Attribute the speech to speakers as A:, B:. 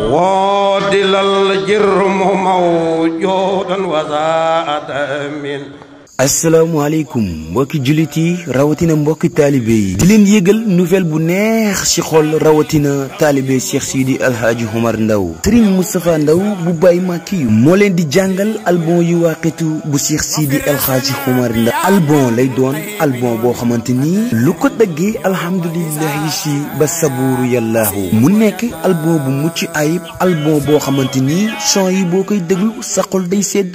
A: ودل الجرم موجودا وزاد من asalaamaaleykum mbokki jullit yi rawatina mbokki taalibe yi di leen yëgal nouvelle bu neex ci xol rawatina taalibe Cheikh Sidi Alhaaji Omar Ndaw Serigne Moustapha Ndaw bu Baye Makiyu moo leen di jàngal album yu waaqitu bu Cheikh Sidi Alhaaji Omar Ndaw album lay doon albon boo xamante nii lu ko dëggee alhamdulilahi si ba sabuuru yàllaahu mu nekk album bu mucc ayib album boo xamante nii son yi boo koy déglu sa xol day sedd